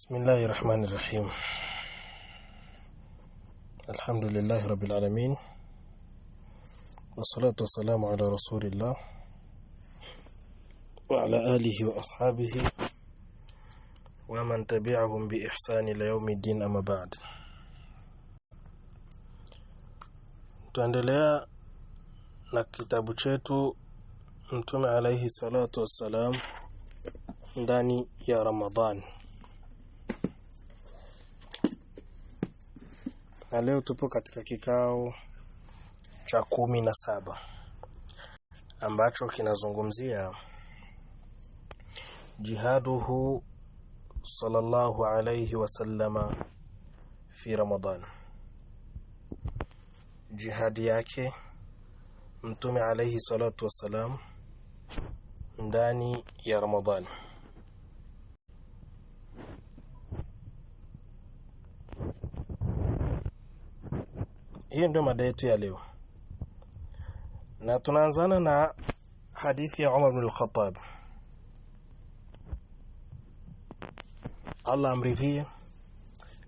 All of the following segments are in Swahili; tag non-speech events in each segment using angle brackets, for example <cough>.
بسم الله الرحمن الرحيم الحمد لله رب العالمين والصلاة والسلام على رسول الله وعلى آله وأصحابه ومن تبعهم بإحسان ليوم الدين أما بعد tuendelea na kitabu chetu mtume alaihi salatu wassalam ndani ya ramadhani na leo tupo katika kikao cha kumi na saba ambacho kinazungumzia jihaduhu sallallahu alayhi wasalama fi Ramadan, jihadi yake Mtume alayhi salatu wassalam ndani ya Ramadan. Hiyo ndio mada yetu ya leo, na tunaanzana na hadithi ya Umar bin al-Khattab, Allah amridhie,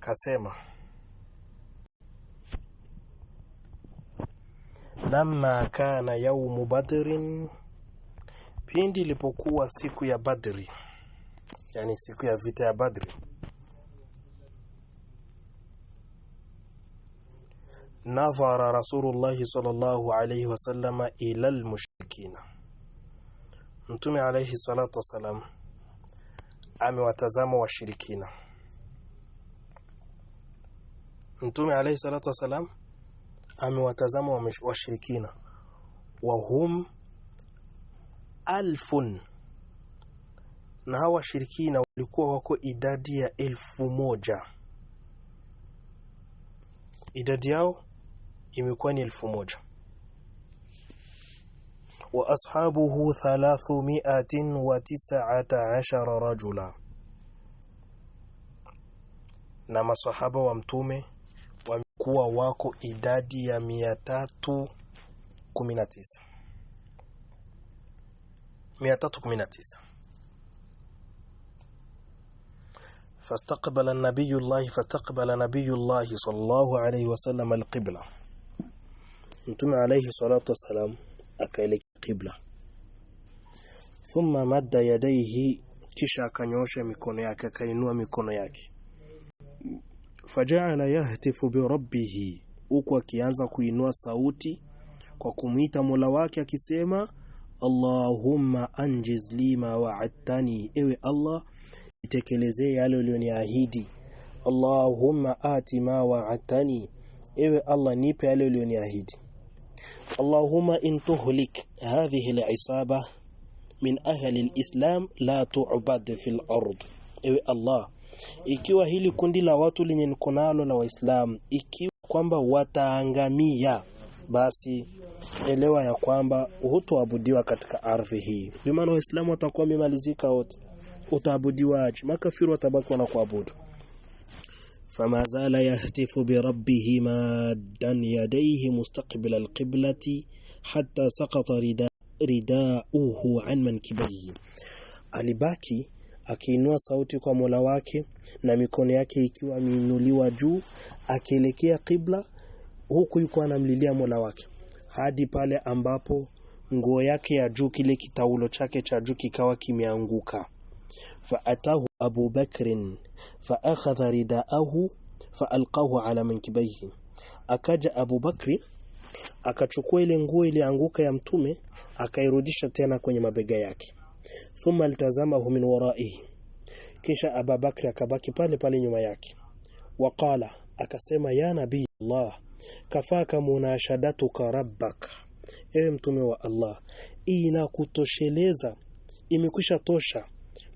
kasema lamma kana yaumu badrin, pindi ilipokuwa siku ya Badri, yani siku ya vita ya Badri nadhara Rasulullahi sallallahu alayhi wasallama ila almushrikina, Mtume alayhi salatu wasalam amewatazama washirikina. Mtume alayhi salatu wasalam amewatazama washirikina, wahum alfun, na hawa washirikina walikuwa wako idadi ya elfu moja idadi yao imekuwa ni 1000 moja wa ashabuhu 319 rajula na maswahaba wa mtume wamekuwa wako idadi ya 319 319 فاستقبل النبي الله فاستقبل نبي الله صلى الله عليه وسلم القبله mtume alayhi salatu wasalam akaelekea kibla thumma madda yadayhi kisha akanyosha mikono yake akainua mikono yake faja'ala yahtifu bi rabbih huku akianza kuinua sauti kwa kumwita Mola wake akisema Allahumma anjiz lima wa'adtani ewe Allah itekeleze yale ulioniahidi Allahumma ati ma wa'adtani ewe Allah nipe yale ulioniahidi Allahumma in tuhlik hadhihi al-isaba min ahli al-islam la tu'bad fil ard. Ewe Allah, ikiwa hili kundi la watu lenye niko nalo la Waislamu ikiwa kwamba wataangamia, basi elewa ya kwamba hutoabudiwa katika ardhi hii. Bimaana Waislamu watakuwa wamemalizika wote, utaabudiwaje? Makafiri watabaki wanakuabudu. فما زال يهتف بربه مادا يديه مستقبل القبلة حتى سقط ردا ridauhu an mankibaihi alibaki akiinua sauti kwa Mola wake na mikono yake ikiwa ameinuliwa juu akielekea kibla, huku yuko anamlilia Mola wake hadi pale ambapo nguo yake ya juu, kile kitaulo chake cha juu kikawa kimeanguka. فأتاه أبو بكر فأخذ رداءه فألقاه ala mankibaihi akaja Abu Bakri akachukua ile nguo ilianguka ya mtume akairudisha tena kwenye mabega yake thumma altazamahu min waraihi kisha ababakri akabaki pale pale nyuma yake waqala akasema ya nabii Allah kafaka munashadatuka rabbak ewe mtume wa Allah inakutosheleza imekwisha tosha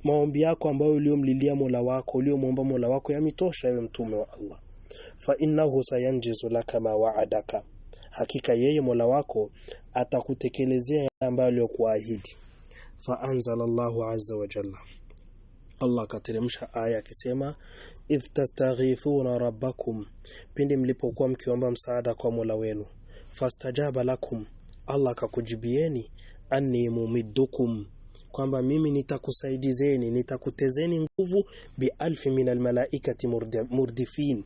maombi yako ambayo uliyomlilia Mola wako uliyomwomba Mola wako yametosha, ewe mtume wa Allah. Fa innahu sayanjizu laka ma waadaka, hakika yeye Mola wako atakutekelezea yale ambayo aliyokuahidi. Fa anzalallahu azza wa jalla, Allah akateremsha aya akisema, idh tastaghithuna rabbakum, pindi mlipokuwa mkiomba msaada kwa Mola wenu, fastajaba lakum, Allah akakujibieni, anni mumiddukum kwamba mimi nitakusaidizeni nitakutezeni nguvu bi alfi min almalaikati murdifin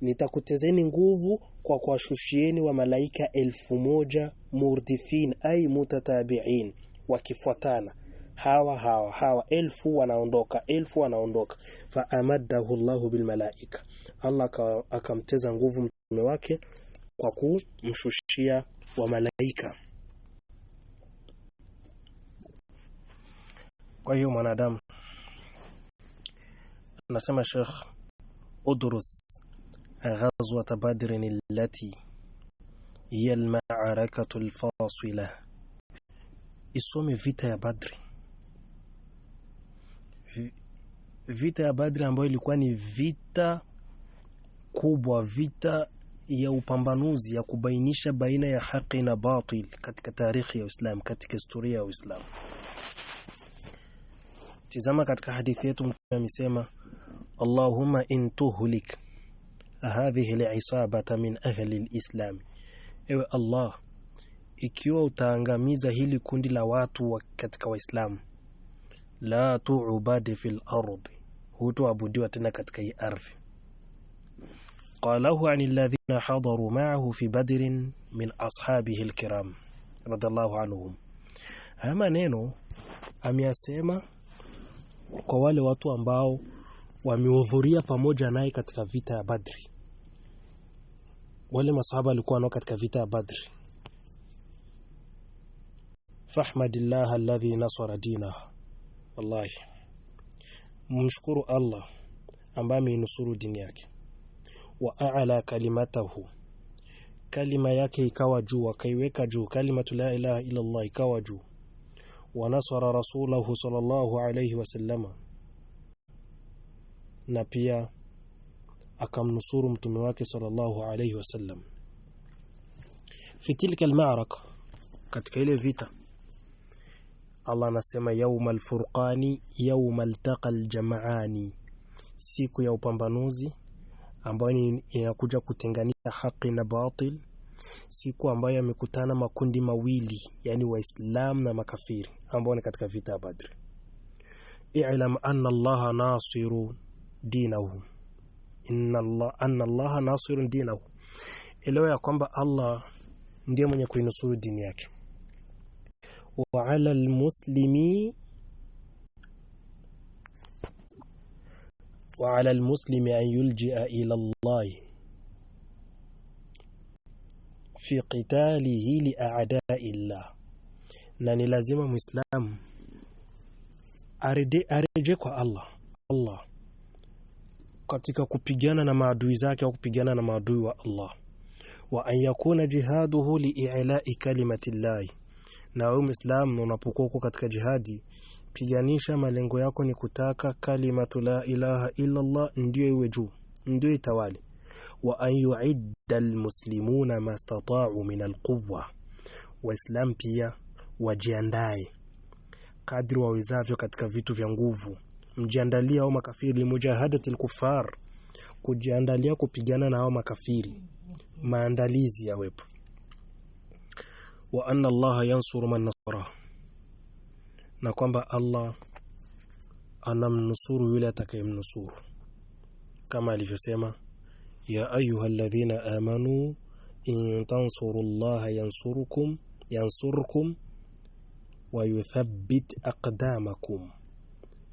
nitakutezeni nguvu kwa kuwashushieni wa malaika elfu moja murdifin ai mutatabiin wakifuatana hawa hawa hawa elfu wanaondoka elfu wanaondoka fa amaddahu llahu bilmalaika, Allah akamteza nguvu mtume wake kwa kumshushia wa malaika kwa hiyo mwanadamu anasema Sheikh udrus ghazwat badrin allati hiya almarakatu alfasila isome vita ya badri vita ya badri ambayo ilikuwa ni vita kubwa vita ya upambanuzi ya kubainisha baina ya haki na batil katika tarehe ya Uislamu katika historia ya Uislamu Tizama katika hadithi yetu Mtume amesema Allahumma in tuhlik hadhihi al min ahli al-islam. Ewe Allah, ikiwa utaangamiza hili kundi la watu wa katika Waislamu, la tu'bad fil ardi, hutoabudiwa tena katika hii ardhi. Qalahu an alladhina hadaru ma'ahu fi badrin min ashabihi al-kiram radiyallahu anhum. Haya ameyasema kwa wale watu ambao wamehudhuria pamoja naye katika vita ya Badri. Wale masahaba walikuwa nao katika vita ya Badri. Fahmadillah alladhi nasara dina. wallahi, Mshukuru Allah ambaye ameinusuru dini yake, wa aala kalimatahu, kalima yake ikawa juu, akaiweka juu, kalimatu la ilaha illa Allah ikawa juu wanasara rasulahu sallallahu alayhi wasallama na pia akamnusuru mtume wake sallallahu alayhi wasallam fi tilka almaraka katika ile vita Allah anasema yawmal furqani yawmal taqal jam'ani siku ya upambanuzi ambayo inakuja kutenganisha haki na batil siku ambayo yamekutana makundi mawili yani waislam na makafiri ambao ni katika vita ya Badri. I'lam anna Allaha nasiru dinahu, inna Allah anna Allaha nasiru dinahu, elewa ya kwamba Allah ndiye mwenye kuinusuru dini yake. Wa ala almuslimi wa ala almuslimi an yuljia ila Allah fi qitalihi li a'da'i na ni lazima muislam areje kwa Allah Allah katika kupigana na maadui zake au kupigana na maadui wa Allah wa an yakuna jihaduhu lii'la'i kalimati llahi. Na wewe muislam unapokuwa uko katika jihadi, piganisha malengo yako ni kutaka kalimatu la ilaha illa Allah ndio iwe juu, ndio itawale Wa an yu'idda almuslimuna statau min alquwwa, Waislamu pia wajiandae kadri wawezavyo katika vitu vya nguvu. mjiandalia au makafiri, limujahadati lkufar kujiandalia kupigana na hao makafiri, maandalizi yawepo. Wa anna Allaha yansuru man nasara, na kwamba Allah anamnusuru yule atakayemnusuru, kama alivyosema ya ayuha alladhina amanu in tansuru llaha yansurkum yansurkum wayuthabbit aqdamakum,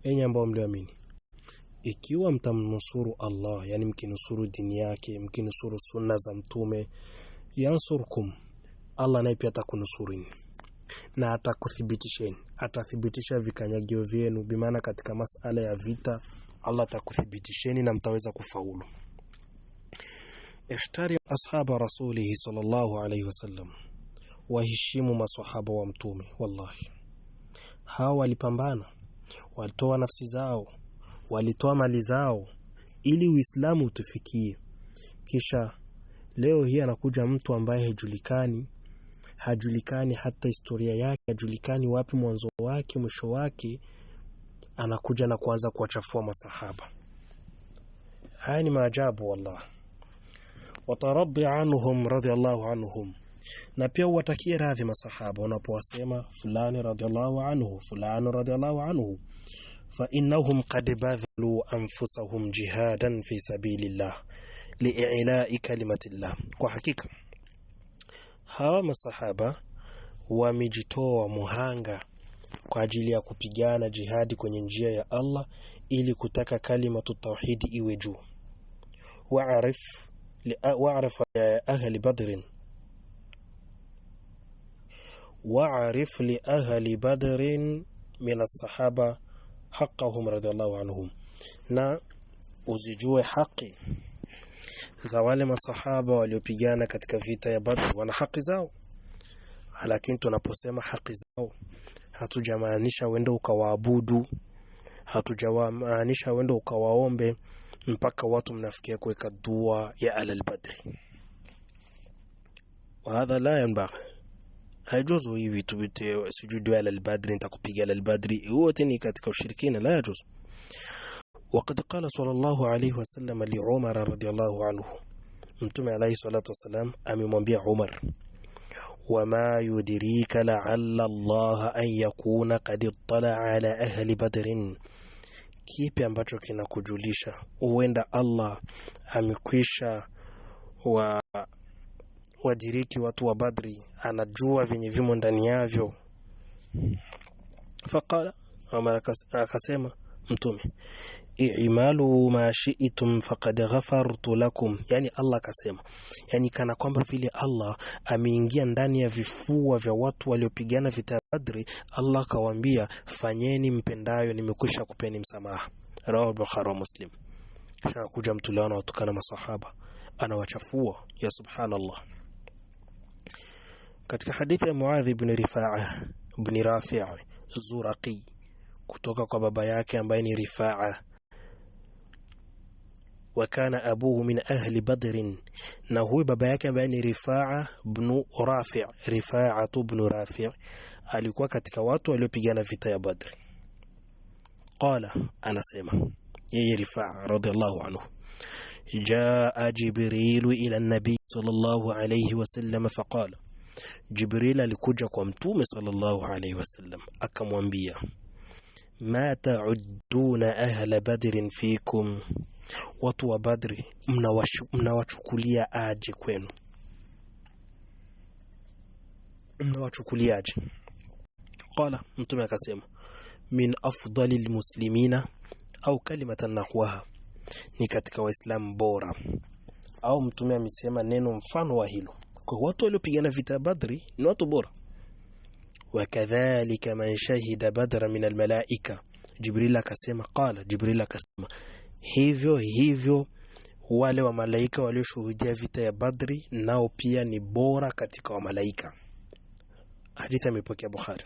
enye ambao mlioamini, ikiwa mtamnusuru Allah, yani mkinusuru dini yake, mkinusuru sunna za mtume, yansurkum, Allah naye pia atakunusurini na atakuthibitisheni, atathibitisha vikanyagio vyenu, bimaana katika masala ya vita Allah atakuthibitisheni na mtaweza kufaulu. Ihtari ashaba rasulihi sallallahu alayhi wasallam waheshimu maswahaba wa mtume wallahi hawa walipambana walitoa nafsi zao walitoa mali zao ili uislamu utufikie kisha leo hii anakuja mtu ambaye hajulikani hajulikani hata historia yake hajulikani wapi mwanzo wake mwisho wake anakuja na kuanza kuwachafua masahaba haya ni maajabu wallah wataradi anhum radiallahu anhum na pia uwatakie radhi masahaba unapowasema fulani radhiallahu anhu fulani radhiallahu anhu fa innahum qad badhalu anfusahum jihadan fi sabilillah li'ilai kalimatillah kwa hakika hawa masahaba wamejitoa muhanga kwa ajili ya kupigana jihadi kwenye njia ya Allah ili kutaka kalimatu tauhidi iwe juu wa'rif wa'rif ahli badrin waarif liahli badrin min alsahaba haqahum radiallahu anhum, na uzijue haki za wale masahaba waliopigana katika vita ya Badr. Wana haki zao, lakini tunaposema haki zao hatujamaanisha wende ukawaabudu, hatujamaanisha wende ukawaombe mpaka watu mnafikia kuweka dua ya alalbadri, hadha la yanbaghi haijuzu hii vitu vitu, sujudu ala albadri, nitakupiga ala albadri, wote ni katika ushirikina, la yajuzu. Waqad qala sallallahu alayhi wasallam li Umar radiyallahu anhu, Mtume alayhi salatu wasalam amemwambia Umar, wama yudirika la'alla Allah an yakuna qad ittala ala ahli badrin Kipi ambacho kinakujulisha huenda Allah amekwisha wa kuadiriki watu wa Badri, anajua vyenye vimo ndani yavyo. Faqala Umar, akasema Mtume, imalu ma shiitum faqad ghafartu lakum, yani Allah akasema, yani kana kwamba vile Allah ameingia ndani ya vifua vya watu waliopigana vita ya Badri, Allah akawaambia fanyeni mpendayo, nimekwisha kupeni msamaha. Rawahu Bukhari wa Muslim. Kisha kuja mtuliano watukana masahaba, anawachafua ya subhanallah. Katika hadithi ya Muadh ibn Rifaa ibn Rafi' Zuraqi kutoka kwa baba yake ambaye ni Rifaa wa kana abuhu min ahli Badr na huyu baba yake ambaye ni Rifaa ibn Rafi' Rifaa ibn Rafi' alikuwa katika watu waliopigana vita ya Badr. Qala, anasema yeye Rifaa radhiallahu anhu جاء جبريل إلى النبي صلى الله عليه وسلم فقال Jibril alikuja kwa mtume sallallahu alaihi wasallam akamwambia, ma ta'udduna ahla badrin fikum, watu wa Badri mnawachukulia aje kwenu? Mnawachukulia aje? Qala, mtume akasema, min afdali lmuslimina au kalimatan nahwaha, ni katika waislamu bora. Au mtume amesema neno mfano wa hilo kwa watu waliopigana vita Badri ni watu bora. Wakadhalika man shahida badra min almalaika, Jibril akasema qala, Jibril akasema hivyo hivyo wale wa malaika walioshuhudia vita ya Badri nao pia ni bora katika wa malaika. Hadithi amepokea Bukhari.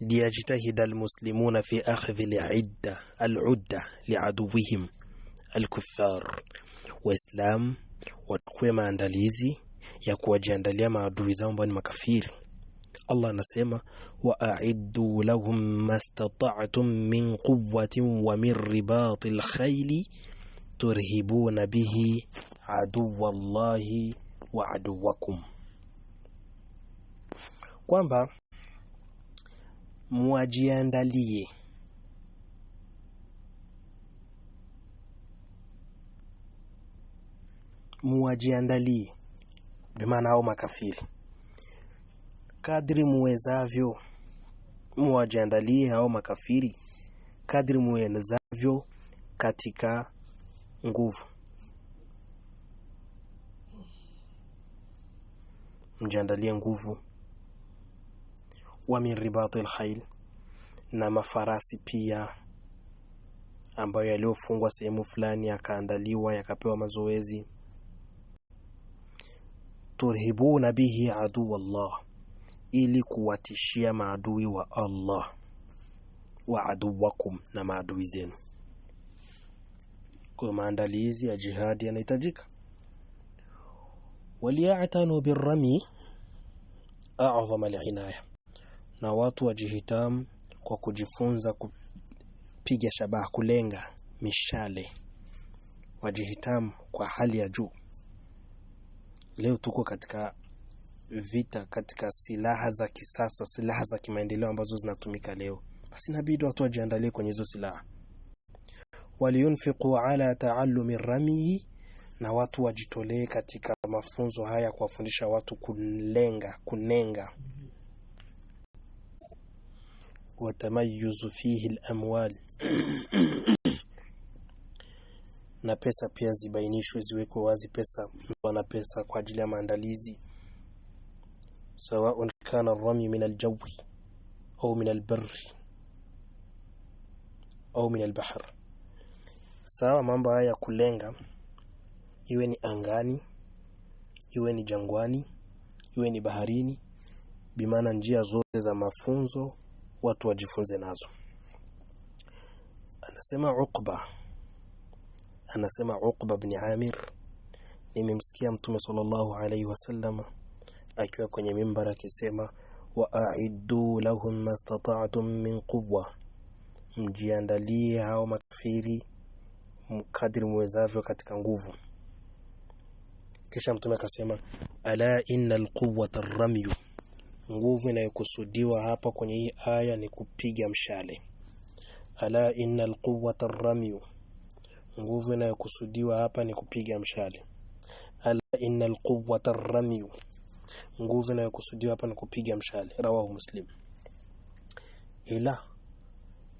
ليجتهد المسلمون في أخذ العدة العدة لعدوهم الكفار وإسلام wachukue maandalizi ya kuwajiandalia maadui zao ambao ni makafiri. Allah anasema wa aiddu lahum mastata'tum min quwwatin wa min ribatil khayli turhibuna bihi aduwallahi wa aduwakum, kwamba muwajiandalie muwajiandalie, bimaana hao makafiri, kadri muwezavyo, muwajiandalie hao makafiri kadri muwezavyo katika nguvu. Mjiandalie nguvu, wa min ribati lkhail, na mafarasi pia ambayo yaliyofungwa sehemu fulani yakaandaliwa yakapewa mazoezi turhibuna bihi aduu Allah, ili kuwatishia maadui wa Allah wa aduwakum, na maadui zenu. Kwa maandalizi ya jihadi yanahitajika. waliatanu birrami a'zama alhinaya, na watu wajihitamu kwa kujifunza kupiga shabaha, kulenga mishale, wajihitamu kwa hali ya juu. Leo tuko katika vita, katika silaha za kisasa, silaha za kimaendeleo ambazo zinatumika leo, basi inabidi watu wajiandalie kwenye hizo silaha. Waliyunfiqu ala taallumi ramyi na watu wajitolee katika mafunzo haya, kuwafundisha watu kulenga, kunenga. Watamayuzu fihi lamwal <clears throat> na pesa pia zibainishwe, ziwekwe wazi pesa, wana pesa kwa ajili ya maandalizi, sawaun kana rami min aljawi au min albarri au min albahar. Sawa, mambo haya ya kulenga, iwe ni angani, iwe ni jangwani, iwe ni baharini, bimaana njia zote za mafunzo watu wajifunze nazo. Anasema Uqba anasema Uqba bin Amir nimemmsikia mtume sallallahu alayhi wasallam akiwa kwenye mimbara akisema wa a'iddu lahum mastata'tum min quwwa mjiandalie hao makafiri mkadri mwezavyo katika nguvu kisha mtume akasema ala innal quwwata ramyu nguvu inayokusudiwa hapa kwenye hii aya ni kupiga mshale ala innal quwwata ramyu Nguvu inayokusudiwa hapa ni kupiga mshale. Ala innal quwwata ar-ramy, nguvu inayokusudiwa hapa ni kupiga mshale. Rawahu Muslim. Ila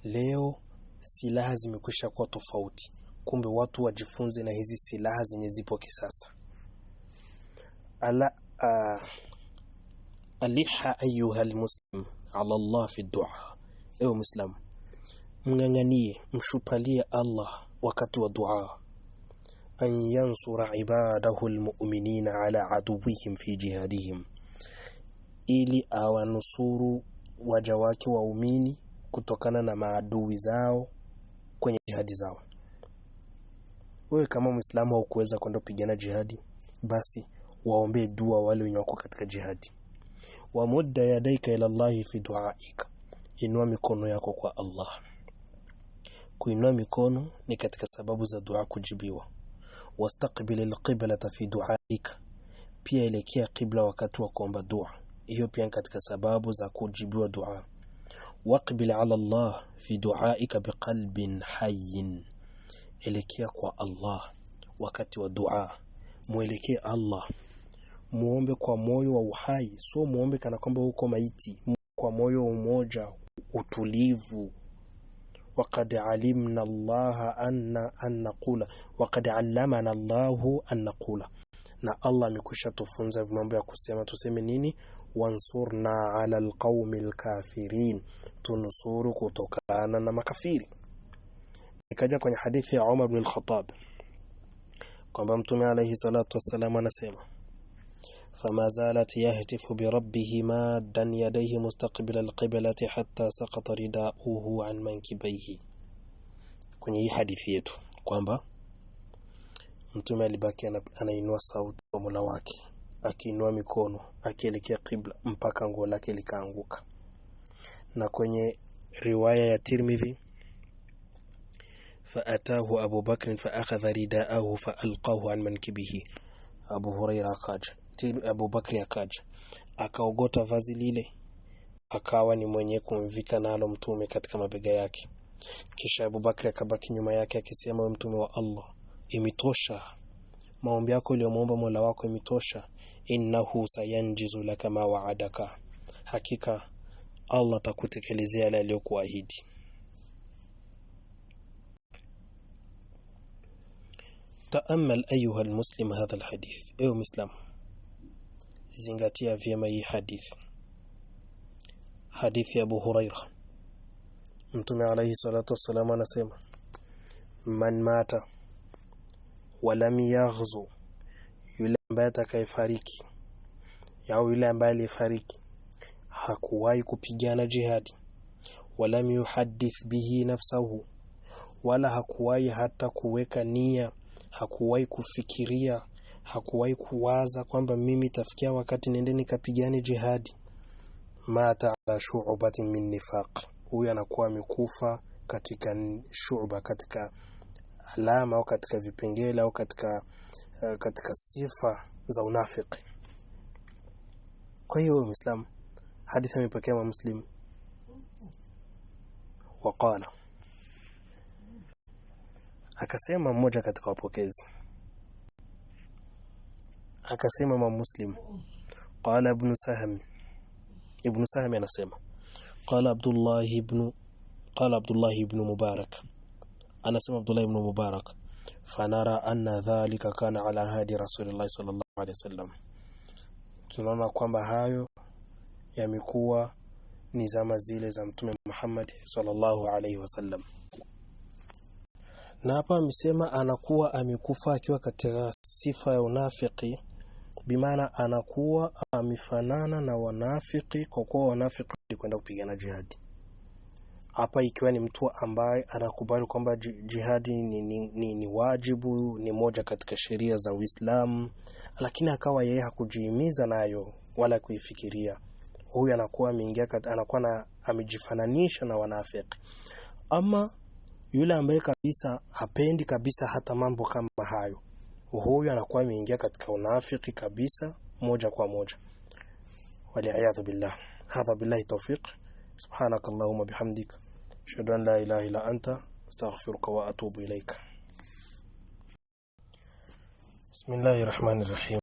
leo silaha zimekwisha kuwa tofauti, kumbe watu wajifunze na hizi silaha zenye zipo kisasa. Ala uh, aliha ayuha almuslim ala Allah fi dua, ewe muslim mng'ang'anie mshupalie Allah wakati wa dua an yansura ibadahu almu'minina ala aduwwihim fi jihadihim ili awanusuru waja wake waumini kutokana na maadui zao kwenye jihadi zao wewe kama Muislamu haukuweza kwenda kupigana jihadi basi waombe dua wale wenye wako katika jihadi mudda yadaika ila Allah fi duaika inua mikono yako kwa Allah Kuinua mikono ni katika sababu za dua kujibiwa. Wastaqbil alqiblata fi duaika, pia elekea qibla wakati wa kuomba dua. Hiyo pia katika sababu za kujibiwa dua. Waqbil ala Allah fi duaika biqalbin hayyin, elekea kwa Allah wakati wa dua, mwelekee Allah, muombe kwa moyo wa uhai, so muombe kana kwamba uko maiti, kwa moyo wa umoja, utulivu وقد alimna الله أن أن نقول وقد علمنا الله أن نقول na Allah amekwisha tufunza mambo ya kusema tuseme nini wansurna ala alqaumi alkafirin tunusuru kutokana na makafiri ikaja kwenye hadithi ya Umar ibn al-Khattab kwamba mtume alayhi salatu wassalam anasema فما زالت يهتف بربه مادا يديه مستقبل القبلة حتى سقط رداؤه عن منكبيه kwenye hii hadithi yetu kwamba mtume alibaki anainua sauti kwa Mola wake akiinua mikono akielekea kibla mpaka nguo lake likaanguka na kwenye riwaya ya Tirmidhi فأتاه أبو بكر ridaahu رداءه فألقاه عن منكبه أبو هريرة قال abubakri akaja akaogota vazi lile, akawa ni mwenye kumvika nalo mtume katika mabega yake. Kisha abubakri akabaki nyuma yake akisema, wewe mtume wa Allah, imetosha maombi yako uliyomwomba mola wako imetosha, innahu sayanjizu laka ma waadaka, hakika Allah atakutekelezea yale aliyokuahidi. Taamal ayuha almuslim hadha alhadith, ewe Muislam, zingatia vyema hii hadithi hadithi ya Abu Huraira Mtume alayhi salatu wasallam anasema man mata walam yaghzu yule ambaye atakayefariki au yule ambaye alifariki hakuwahi kupigana jihadi walam yuhaddith bihi nafsahu wala hakuwahi hata kuweka nia hakuwahi kufikiria hakuwahi kuwaza kwamba mimi tafikia wakati niende nikapigane jihadi. Mata ala shu'batin min nifaq, huyu anakuwa amekufa katika shu'ba, katika alama au katika vipengele au katika, eh, katika sifa za unafiki. Kwa hiyo Muislam, hadithi imepokea wa Muslim waqala, akasema mmoja katika wapokezi akasema ma Muslim qala ibn Sahm ibn Sahm anasema qala Abdullah ibn qala Abdullah ibn Mubarak anasema Abdullah ibn Mubarak fanara anna dhalika kana ala hadi rasulillah sallallahu alaihi wasallam tunaona kwamba hayo yamekuwa ni zama zile za mtume Muhammad sallallahu alaihi wasallam na hapa amesema anakuwa amekufa akiwa katika sifa ya unafiki bimaana anakuwa amefanana na wanafiki kwa kuwa wanafiki walikwenda kupigana jihadi. Hapa ikiwa ni mtu ambaye anakubali kwamba jihadi ni, ni, ni, ni wajibu, ni moja katika sheria za Uislamu, lakini akawa yeye hakujihimiza nayo wala kuifikiria, huyu anakuwa ameingia, anakuwa na amejifananisha na wanafiki. Ama yule ambaye kabisa hapendi kabisa hata mambo kama hayo huyu anakuwa ameingia katika unafiki kabisa moja kwa moja waliaadha billah hadha billahi tawfiq subhanak allahumma bihamdik ashhadu an la ilaha illa anta astaghfiruka wa atubu ilaik bismillahir rahmanir rahim